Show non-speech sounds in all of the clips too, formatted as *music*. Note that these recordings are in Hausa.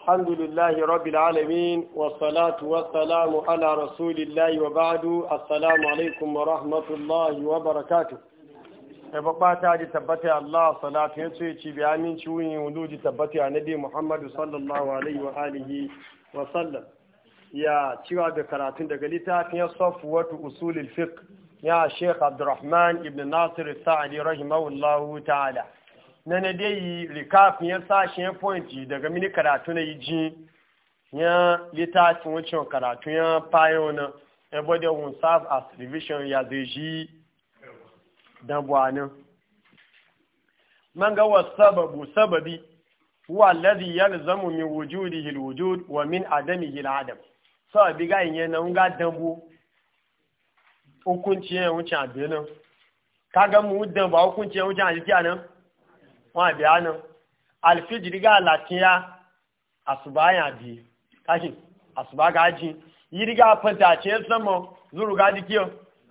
الحمد لله رب العالمين والصلاة والسلام على رسول الله وبعد السلام عليكم ورحمة الله وبركاته tabbata ji tabbata Allah salatu ya ce min bi aminci wuyin wuluji tabbata a nabi Muhammadu sallallahu ya cewa da karatun daga littafin safwatu usulul fiqh ya Sheikh Abdurrahman ibn Nasir Sa'di rahimahullahu ta'ala na na dai yi rikafin ya sashen point daga mini karatu na yi ji ya littafin wucin karatu ya fayo na everybody will serve as revision ya zai ji dabuwanin man ga wa sababu sababi huwa alladhi yalzamu min wujudihi alwujud wa min adamihi aladam so bi ga yin na nga dambu hukunci ya wuce abinan kaga mu dan ba hukunci ya wuce a wọn àbí àánú àlìfíjì rígá àlàkíyá àṣùbá àyàn àbí káṣì àṣùbá gáájì yí rígá pẹ̀ntẹ̀ àti ẹ̀sánmọ̀ lóru gáájì kí o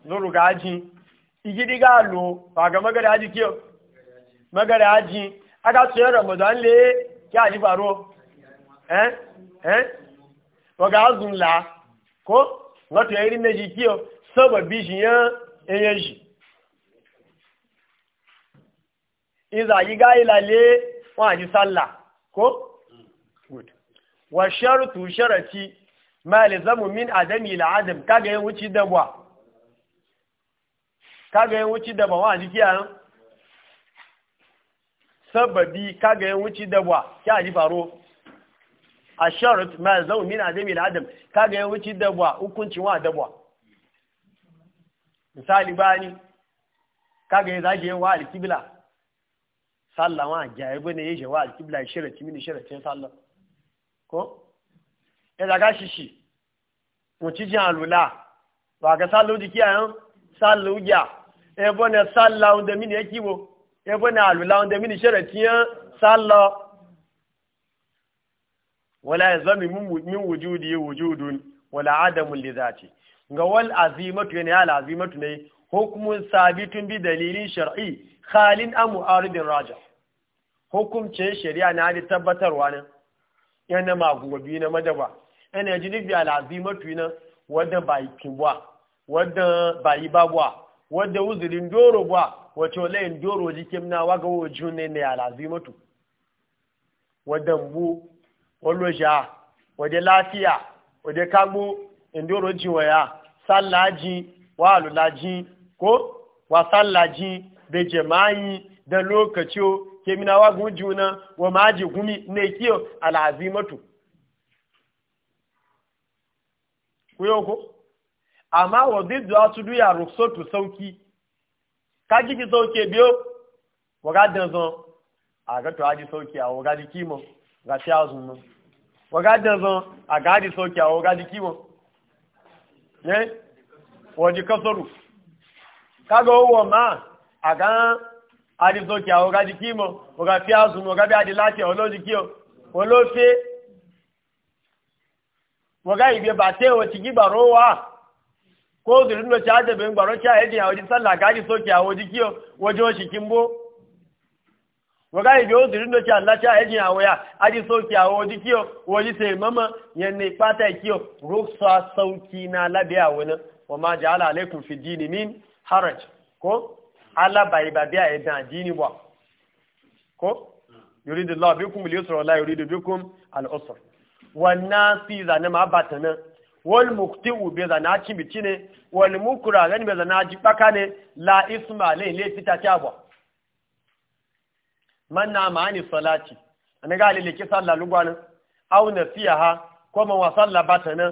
lóru gáájì igi rígá lò pàgà mọ́gẹ́rẹ́ kí o mọ́gẹ́rẹ́ ájì akásùn lé kí àdífàró ẹ́ ẹ́ o iza yi ga ilale wani sallah ko? good wa sharutu sharati ma lizamu min adami ila adam kaga yin wuci da ba kaga yin wuci da wani kiyayen sababi kaga yin wuci da kya ji faro a sharut ma lizamu min adami ila adam kaga yin wuci da hukuncin wa da ba misali bani kaga yin zaje wa alkibla sallah wa jaye bane yaje wa alqibla sharati min sharati sallah ko e daga shishi mo ci jan alula wa ga sallu diki ayan sallu ja e bone sallah unda min kiwo e bone alula unda min sharati sallah wala yazami min wujudi wujudun wala adamu li dhati ga wal azimatu yani al azimatu ne hukumun sabitun bi dalilin shar'i khalin amu mu'aridin raja hukumcin shari'a na da tabbatarwa nan na madaba yana ji nufi al'azimatu na wadda wadda babuwa wadda uzurin doro wacce doro jikin na waga wajen ne na al'azimatu wadda mbu wadda lafiya wadda kagbo indoro jiwaya sallaji wa ko wa sallaji da jama'i da lokaci ke minawa gujuna wa maji gumi ne kiyo al'azimatu ku yau ko amma wa ziddu asudu ya ruksotu sauki ka jiki sauke biyo wa gadan zon a ga to aji sauki a wa gaji kimo ga shi azun nan wa gadan zon a gaji sauki a wa gaji kimo ne wa ji kasaru kaga owo ma aga adi zoki awo ga dikimo fi azun o ga bi adi lati o lo dikio o lo fe o ga ibe bate o ti gibaro wa ko duru no cha de ben cha edi awo di sala ga di soki awo dikio wojo shikimbo o ga ibe o duru no cha cha edi awo ya adi soki awo dikio woji se mama yen ni pata ikio e ruksa sauki na labi awo na wa ma ala alaikum fi dini min haraj ko Allah bai ba idan addini ba ko yuridu Allah bikum al-yusra wala yuridu bikum al-usra wannan fi zane ma batana wal u bi zana ci bitine wal mukra gani be zana ji baka ne la isma le le fita ta ba man na ma ani salati an ga le ke sallah aw au nasiha ko man wa sallah batana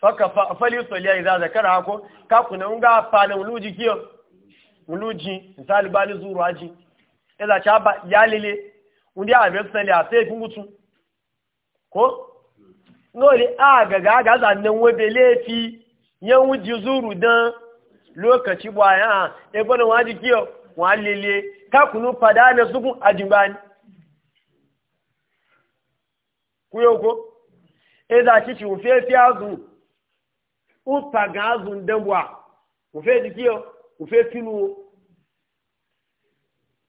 fọ́kà fọ́lísọ̀lẹ́ ìdáza kára akọ́ kákùnà ń gá fàánà olóòjì kí ọ olóòjì ìsáàlùbá ní zuru ajì ẹzàṣà ya lele ndí àbẹ̀sẹ̀lẹ̀ àti ìfúngútù kó lórí àgàgà àgàzà níwébé léèfi yẹnwú di zuru dán lókàcí bọ̀ àyàn ẹgbọ́n wọn ajì kí ọ wọn lele kákùnà padà ní sukùn àjùgbani kúyókó ẹzàṣì ti òfé fíázùn upa ga azụ ndegbu a ofe edikio ofe tinuo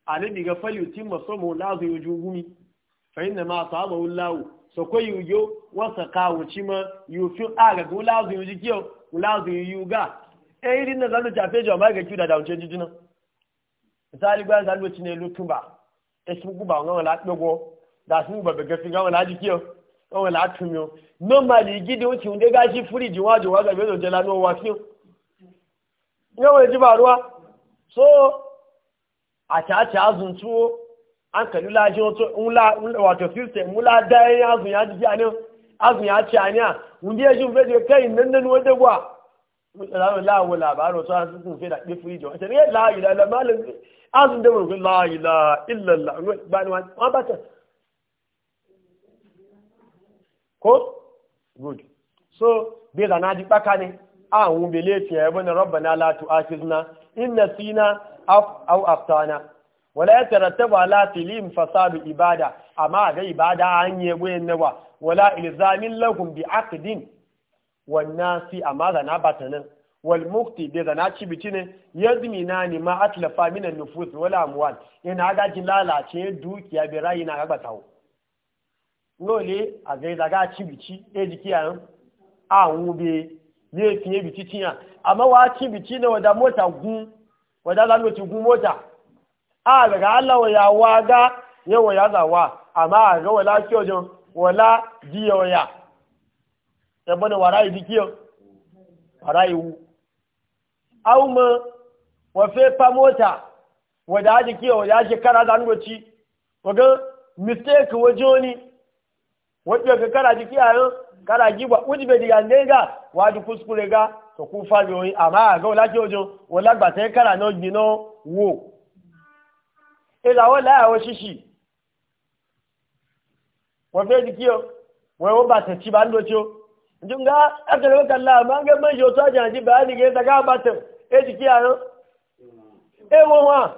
anabi ga fali uti maso mu lazu yuju gumi fa na ma asaba wallahu so ko yujo wasa kawo chima yufi aga go lazu yuju kio lazu yuga e iri na zalu ta fejo ma ga kiuda da unche jijina misali gba zalu chine lutumba esu guba ngwa la ga wọn là á tún gidi ó ti ń dégá sí fúrìjì wọn àjò wọn àgbẹ̀bẹ̀ òjò lánàá wá sí ní so àtàtà azùn tú ó àǹkàlú láàjì ńlá wàtò fífẹ̀ múlá dá ẹyìn azùn yá jíjí àná azùn yá tí àná ń bí ẹjú fẹ́ kẹ́yìn nínú wọn dé wà láwọn làbárò tó azùn kún fẹ́ dà pé wọn àtẹ̀lẹ́ láàyè azùn dé wọn láàyè lá ilẹ̀ ko good so bai zana ji baka ne a hun bele ce ya bane na la tu'akhizna in nasina au aftana wala yatarattabu ala tilim fasadu ibada amma ga ibada a hanyar goyen nawa wala ilzamin lahum bi aqdin wan nasi amma na batanan wal mukti bai zana ci bici ne yazmina ni ma atlafa minan nufus wala muwal ina ga lalace dukiya bi rayu na ga batawo lóòlé àgbẹ̀dàgá àchìbìchí èjìkí àrùn àwọn obè ní èfin èbìtí tíyà àmọ́ wá àchìbìchí náà wọ̀dá mọ́ta gún wọ̀dá lánàtí gún mọ́ta àgbẹ̀ wọ̀lá kí ọjọ́ wọ̀lá di kí ọ ṣe kára lánàtí wọ̀gán mistake wọ́jọ́ ni wajen ka kara jiki a yau kara ji wuji bai diga ne ga wadi kuskure ga to ku fa yoyi amma a ga wala ke ojo wala gba te kara no gino wo e la wala shishi wa fe jiki yo wa wo ba ta ci ba ndo cho njunga akale ko kala ma ga ma yo to ajan ji ba ni ge ta ba te e jiki a yau e wo wa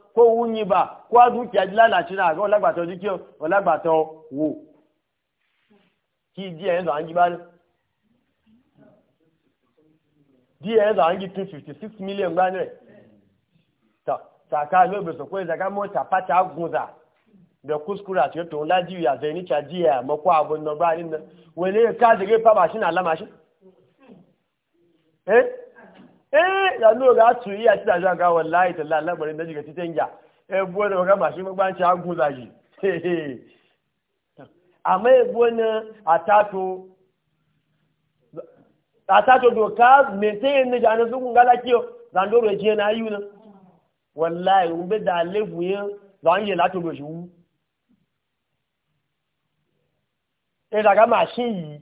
kó wúnyin bá kó a dúkìá jí lálàtí náà àgọ́ ọlágbàtọ̀ ní kí ọ ọlágbàtọ̀ wò kí díẹ̀ ẹ̀ lọ bá díẹ̀ ẹ̀ lọ àǹjí two million gbá nílẹ̀ tà tàkà ló bẹ̀sọ̀ pé ìzàká mọ́tà pátá gùnzà da kuskura ce to laji ya zai na ba ni nan wani ka zage fa eh da no ga tu iya ci da ga wallahi talla labarin da jiga titan ya eh bo da ga mashi magbanci an guza shi *laughs* amma eh bo na atato atato doka maintain ne jana su kun gala kiyo dan do reje na yi na wallahi un be da levu yin dan yi lato do wu eh da ga mashi yi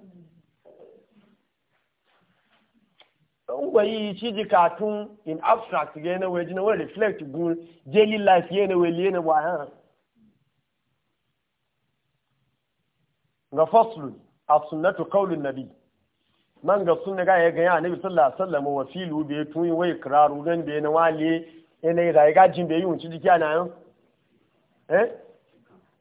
yi ci ji katun in abstract ga yana waje na wani reflect gun daily life yana wali yana bayan ga faslu as-sunnatu qawlu nabi man ga sunna ga ya ga ya nabi sallallahu alaihi wasallam wa filu bi tun wai ikraru gan be na wale yana ga ga jin be yun ci ji kana yan eh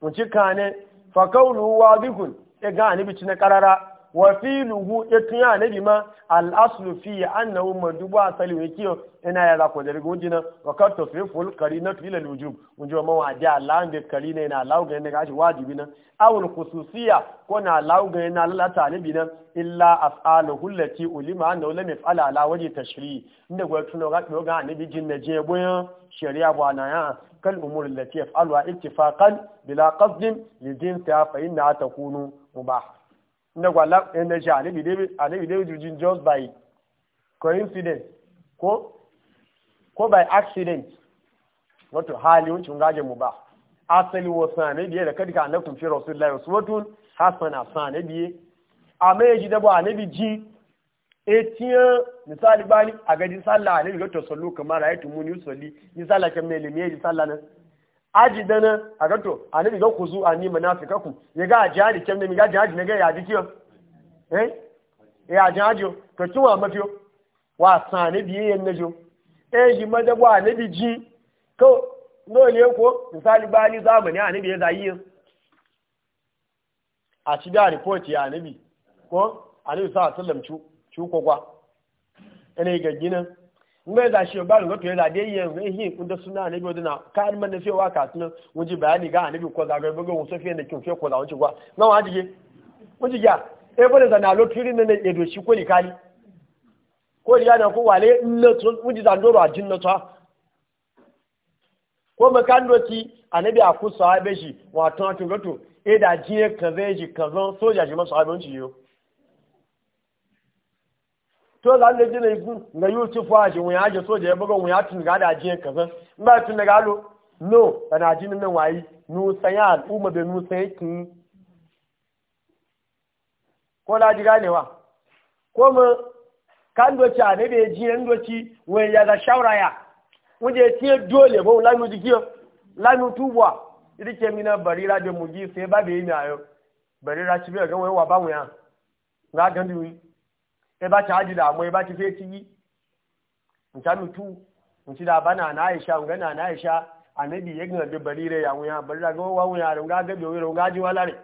mun ci ne fa kawlu wadihun e ga nabi ci na karara. wa filuhu itun anabi ma al aslu fi annahu madubu asali wa kiyo ina ya zako da rigo jina wa kad tasriful qarinatu ila al wujub unjo ma wa da Allah da qarina ina Allah ga ne gashi wajibi na awul khususiyya ko na Allah ga ina Allah ta anabi na illa af'aluhu allati ulima annahu lam yaf'ala ala wajhi tashri inda gwa tuno ga ga anabi jinna je boyan shari'a ba na ya كالأمور التي يفعلها اتفاقا بلا قصد لجنسها فإنها تكون مباحة na gwala na shi bi david jujin just by coincidence ko ko by accident wato hali wucin gaje mu ba asali wa sane biye da kadika annakum fi wasu uswatun hasana sane biye amma yaji da ba anabi ji etiyan misali bani a gaji sallah anabi ga to sallu kamar ayatu mun yusalli ni sallah kan me limiye sallah nan aji dana a gato a nabi ga ku zu a ni munafika ku ya ga aji hali kyan nemi ga haji na ga yaji kiyo eh ya aji haji to kin wa mafiyo wa sani biye yan najo eh ji madabu a nabi ji ko dole ko misali bali zamani a nabi ya zayi a ci da report ya nabi ko a nabi sa sallam cu cu ko gwa ene ga ginin ngai da shi ba ga ya dai yin ga yi kun da suna ne biyo dina ka man da wa ka tun mun bayani ga annabi ko zaga ga mun sofiya da kin ko zawo ci na wa dige mun ji ya e bane na lotiri ne ne e do shi ko ni kali ko na ko wale na to mun ji zandoro a jinna ta ko makando ti annabi a ku sahabe shi wato to gato e da jiye kaze shi kazan soja shi masu abinci yo to za le jina igun na yusuf wa shi wuya je soja ya buga wuya tun ga da je kazan in ba tun daga lo no bana jinin nan wayi nu sanya al'umma be nu sai kin ko la ne wa ko mu kan doci a ne be ji yan doci wai ya da shawara ya wuje tie dole ba la mu dikiyo la mu tubwa idike mina barira de mu ji sai ba be yi ayo barira ci be ga wai wa ba wuya na gandu ba ta haji damu ya ba ta feci yi in ta mutu in ci da bana na aisha in gana na aisha annabi ya gina bari rai ya wuya bari da gawa wuya da ga gabe wuya ga ji wala rai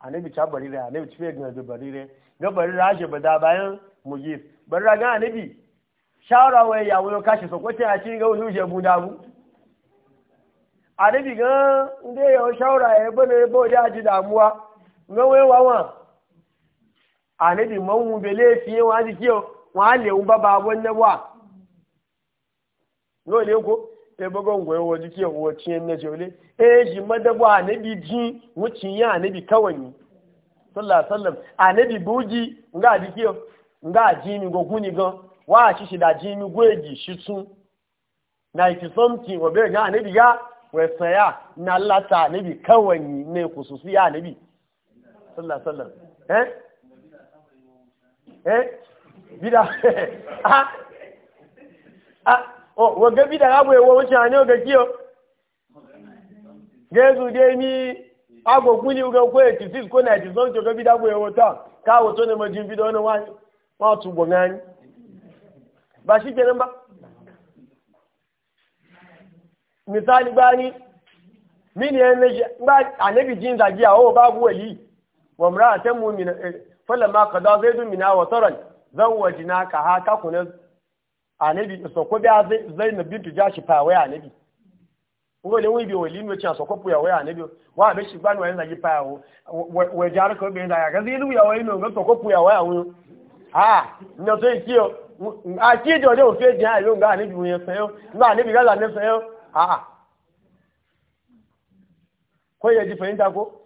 annabi ta bari rai annabi ta gina bari rai ga bari rashi bada bayan mujis bari da ga annabi shawara wai ya wuya kashi sokoce a cikin ga wuya bu da mu annabi ga inda ya shawara ya bane ba da ji damuwa ga wai wawan anabi mọ́wùn belé fi wọ́n á di kí o wọ́n á lè ń bá bá wọ́n náwà ló lè kó ẹgbẹ́gbẹ́ ń wọ́n wọ́n di kí o wọ́n tí ẹ̀ mẹ́sẹ̀ olé èyí anabi dín wọ́n ti yán anabi káwọn yìí sọ́là sọ́là anabi bújí ńgá di mi gan dà mi na anabi anabi ya eh bida *laughs* ah ah oh waga bida abu ewo wuce ane oga kiyo gezu je ni ago kuni uga ko 86 ko 97 ga bida abu ewo ta ka wato ne majin bida wani wani ma tu ba shi kenan ba misali bani mini yan ne ba anabi jin o babu wali wa mra'atan mu'mina eh, falamma qada zaidun mina wa na zawwajna ka ha ka a anabi so ko biya zainab bintu jashi fa waya anabi ngo le wibi wali mi cha so ko puya waya anabi wa be shi gbanu yanzu fa wa jar ko be da ya ga zilu ya wai no ngo so ko puya a do fe wo yen ga la ne ko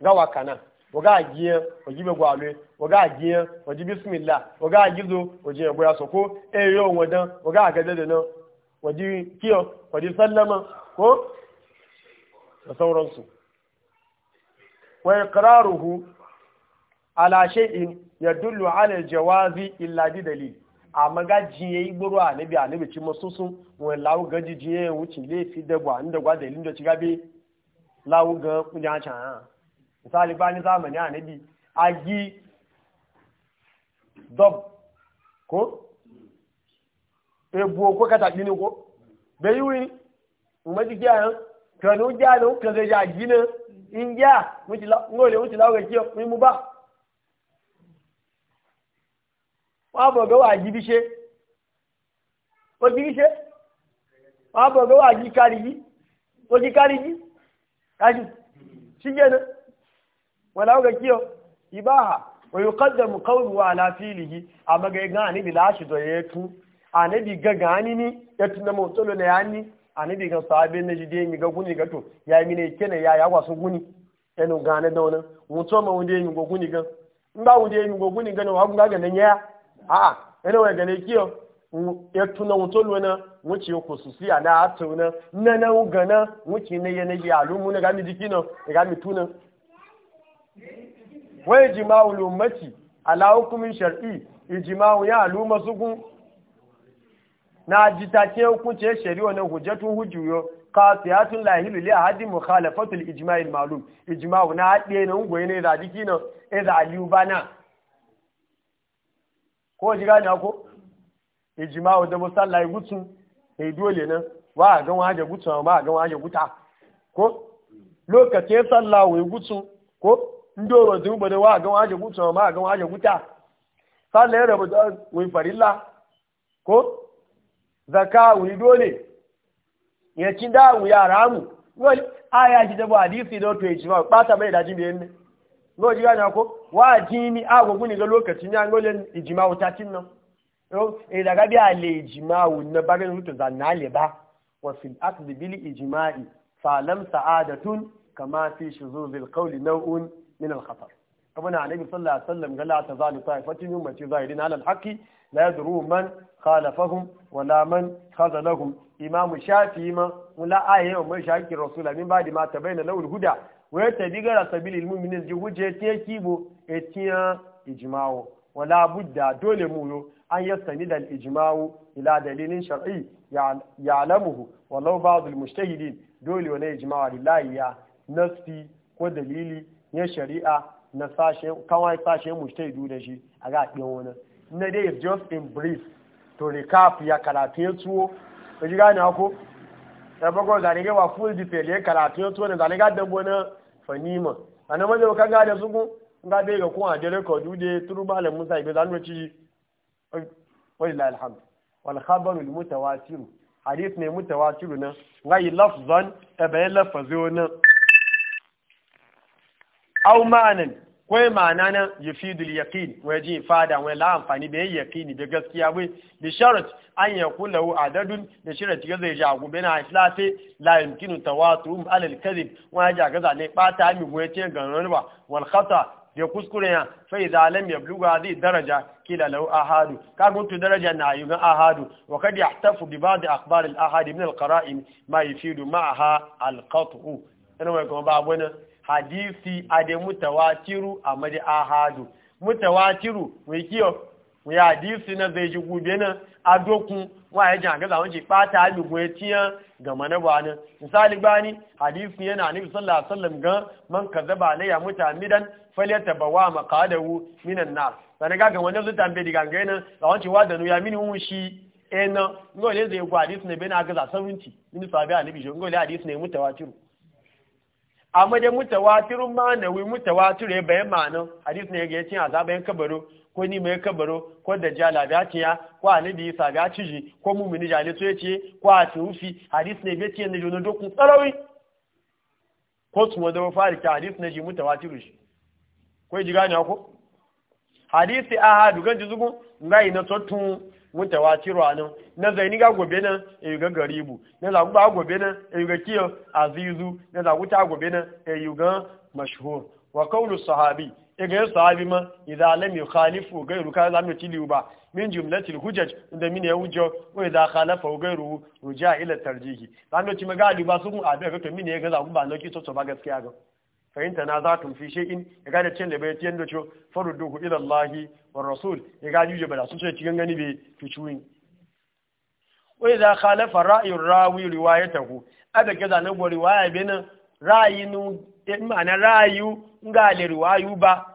gawa kana waga ajiye waji be gwalwe waga ajiye waji bismillah waga ajizo waji ya goya soko e yo wadan waga agade da nan waji kiyo waji sallama ko da sauransu wa iqraruhu ala shay'in yadullu ala aljawazi illa bi dalil amma ga jiye igboro anabi anabi ci masusun wọn lawo ga jiye wucin le fi dagwa inda gwa dalilin da gabe lawo ga misali ba ni zamani anabi agi dob ko ebu ko kata bini ko be yiwi mo ji gya kan no ja no kan se ja gi na inja mo ti la ngo le mo ti la o ti o mu ba wa bo be wa ji bi o ji bi wa bo be wa ji kari ji o ji kari ji shi je wala kiyo ibaha wa yuqaddamu qawluhu ala fi'lihi Amaga gani ga ni bi lashi do yetu anabi ga gani ni yetu na motolo na yani anabi ga sahabe na de mi ga guni ga to ya mi ne kene ya ya kwasu guni eno gane da wannan mutu ma wunde mi go guni ga in ba wunde mi go guni ga na wa ga nan ya a a ene wa ga ne kiyo yetu na motolo na wuce kususi ana atuna na na ugana wuce ne yana ya lumu na ga mi dikino ga mi tunan wai jima'u lummaci ala hukumin shar'i ijima'u ya aluma sukun na jitake hukunce shari'a na hujjatu hujjuyo qasiyatun la yahilu li ahadin mukhalafatu al ijma' al ma'lum ijma' na hadiye na ungoye ne da jiki na idza e aliyu bana ko ji gani ko ijma' da musalla gutsu sai e dole nan wa ga wa ga gutsu ma ga wa ga guta ko lokacin sallah wai gutsu ko ndị obodo mgbede wa aga nwaje gwụtụ ma aga nwaje gwụta sala ya rabu wai farilla ko zaka wani dole ya ci da wu ya ramu wani aya ji da ba hadisi da wato ya ci ba bata mai dajin biyan ne no ji ganya ko wa ji ni agogo ni ga lokacin ya ngole ijima wuta tin nan eh daga bi ale ijima wu na ba ga mutu za na le ba wa fil aqd bil ijma'i fa lam sa'adatun kama fi shuzuzil qawli naw'un من الخطر ربنا عليه صلى الله عليه وسلم قال اعتذال طائفة يوم تظاهرين على الحق لا يدروا من خالفهم ولا من خذلهم إمام الشافعي ما ولا آية وما شاك الرسول من بعد ما تبين له الهدى ويتبقى على سبيل المؤمنين الجهود يتيكيبوا اتيان إجماعه ولا بد دول مولو أن يستند الإجماع إلى دليل شرعي يعلمه ولو بعض المجتهدين دول ونا إجماع لله يا نصفي ودليلي ya shari'a na sashen kawai sashen mujtaidu da shi a ga wani na dai is just in brief to recap ya karatu ya tuwo ka ji gane ko ya bago zane ga wa full detail ya karatu ya tuwo da zane ga dan wani fanima ana maje ka ga da suku ga dai ga kuma da record da turu malam Musa ibe zanu ci wallahi alhamd wal khabaru al mutawatir hadith ne mutawasiru na yi lafzan tabayyana fazo na aw ma'anan ko ma'ana nan yufidul yaqin wa yaji fada wa la amfani da yaqini da gaskiya wai bi sharat an yakun lahu adadun da shirati ga zai jagu bin islafe la yumkinu tawatum ala al-kadhib wa ja ga zane bata mi goye ce ganan ba wal khata da kuskure ya fai zalim ya bluga zai daraja kila lau ahadu ka guntu daraja na ayyukan ahadu wa kad yahtafu bi ba'd akhbar al ahad min al qara'in ma yufidu ma'aha al qat'u ina mai kuma ba wani hadisi ade mutawatiru a madi ahadu mutawatiru yi kiyo yi hadisi na zai ji gube nan a dokun wa ya jan gaza wani fata lugu ya tiya ga manaba nan misali ni hadisi yana ni sallallahu alaihi wasallam ga man kazaba alayya mutamidan falyatabawa maqadahu minan nar sai ga ga wani zuta be diga ngena ga wani wa da ya mini hun shi ena ngole zai gwa hadisi ne be na gaza 70 min sabi ni jo ngole hadisi ne mutawatiru amma dai mutawatirun manawi mutawatir ya bayan ma'anan hadisi ne ga yacin azabayan kabaro ko ni mai kabaro ko da jala gaciya ko anabi isa ciji ko mumini jali so yace ko a tufi hadisi ne bai ce ne jono dokun tsarawi ko tuwa da fari ta hadisi ne ji mutawatiru shi ko ji gani ko hadisi ahadu ganji zugun ngai na totun mutawatiru anan na zaini ga gobe nan yi ga garibu na zagu ba gobe nan yi ga kiyo azizu na zagu ta gobe nan yi ga mashhur wa qawlu sahabi e ga sahabi ma idza lam yukhalifu gairu ka zamu tiliu ba min jumlatil hujaj inda min ya wujo wa idza khalafa gairu ruja ila tarjihi zamu ci magadi ba su mu abe ga to min ya ga zagu ba loki to to ba gaskiya ga fahimta na za tun fi in ya gane cin da bai tiyan da ciwo farudu duhu ilallahi wa rasul ya ga yuje ba da sun ce cikin gani bai fi ciwin wai za khalafa ra'ayin rawi riwayatahu ada kaza na gori riwaya bena ra'ayinu ma'ana ra'ayu nga le riwayu ba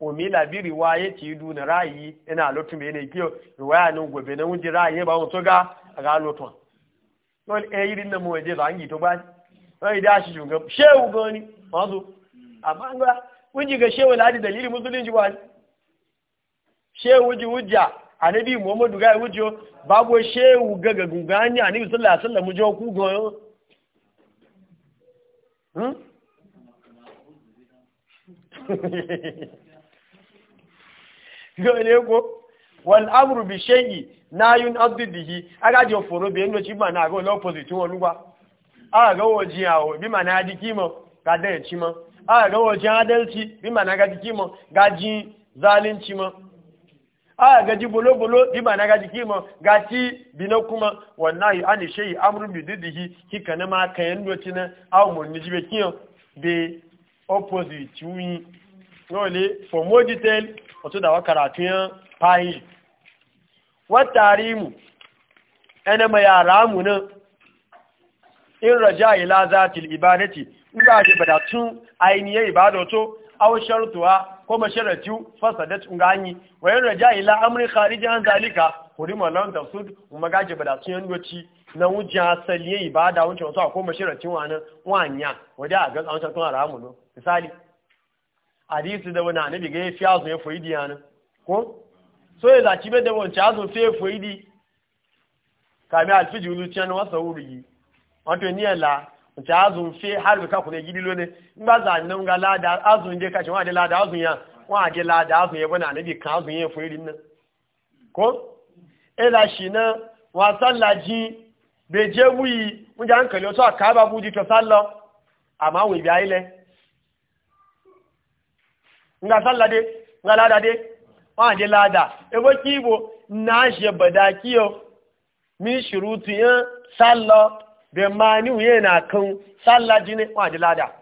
umila bi riwayati duna ra'ayi na lotu me ne kiyo riwaya nan gobe na wunji ra'ayi ba wato ga ga lotu wal e na mu ba angi to ba shi anabi muhammadu ga wujo babu shehu gaga gungani anabi sallallahu alaihi wasallam jo ku go go hmm? *laughs* ko wal amru bi shay'i aga jo foro be no na go opposite won wo awo bi ma na a ah, gaji bolo-bolo bi ma na gaji kima ga ci bi na kuma wannan yi an ishe yi amurin bi didihi kika na ma kayan doci na awon ni jibe kiyan be opposite yi yole for more detail wato da karatu yan fayi watari mu ɗana mai yara mu nan in raja ila zatil ibadati in ba shi badatun ainihin ibadato au sharutuwa ko masharatu fasadat ungani wa yan raja ila amri kharij an zalika hurima lan tasud umagaje bada sun yandoci na wuja asali ibada wuce wasu ko masharatu wani wanya wajen a ga tsawon tun haramu no misali hadisi da wani annabi ga ya fi azu ya foidi yana ko so ya zaci bai da wancan azu fi ya foidi kami alfiji wuluciya na wasa wuri wato niyala wace azun fi harbi kaku yi gidi lone in ba za nan ga lada azun je kashi wa da lada azun ya wa da lada azun ya bana nabi azun ya nan ko shi na wa sallaji be je ja hankali wato a to sallo bi aile nga sallade nga lada de wa lada e bo kibo na je badakiyo min shurutu ya sallo da mani wuye na kan sallaji ne wa di lada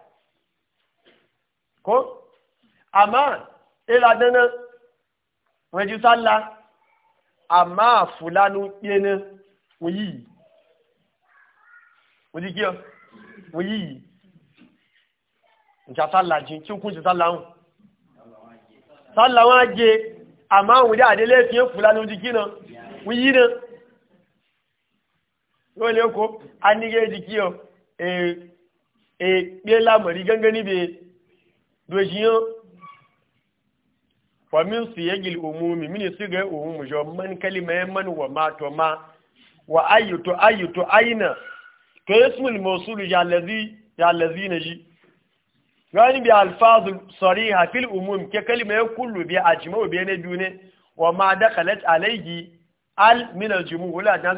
ko amma iladan nan waje salla amma fulanu yana wuyi wuyi kiyo wuyi nja sallaji ki kun ji sallahu sallawa je amma wuda adele fiye fulanu jikina wuyi na dole ko an nige jikiyo eh eh be lamari gangani be dojiyo wa min su siyagil umumi min siga umumu jo man kalima man wa ma to ma wa ayu to ayu to aina to ismul mawsul ya allazi ya allazina ji gani bi alfazu sariha fil umum ke kalima ya kullu bi ajma'u bi ne dune wa ma dakhalat alayhi al min al jumu'u la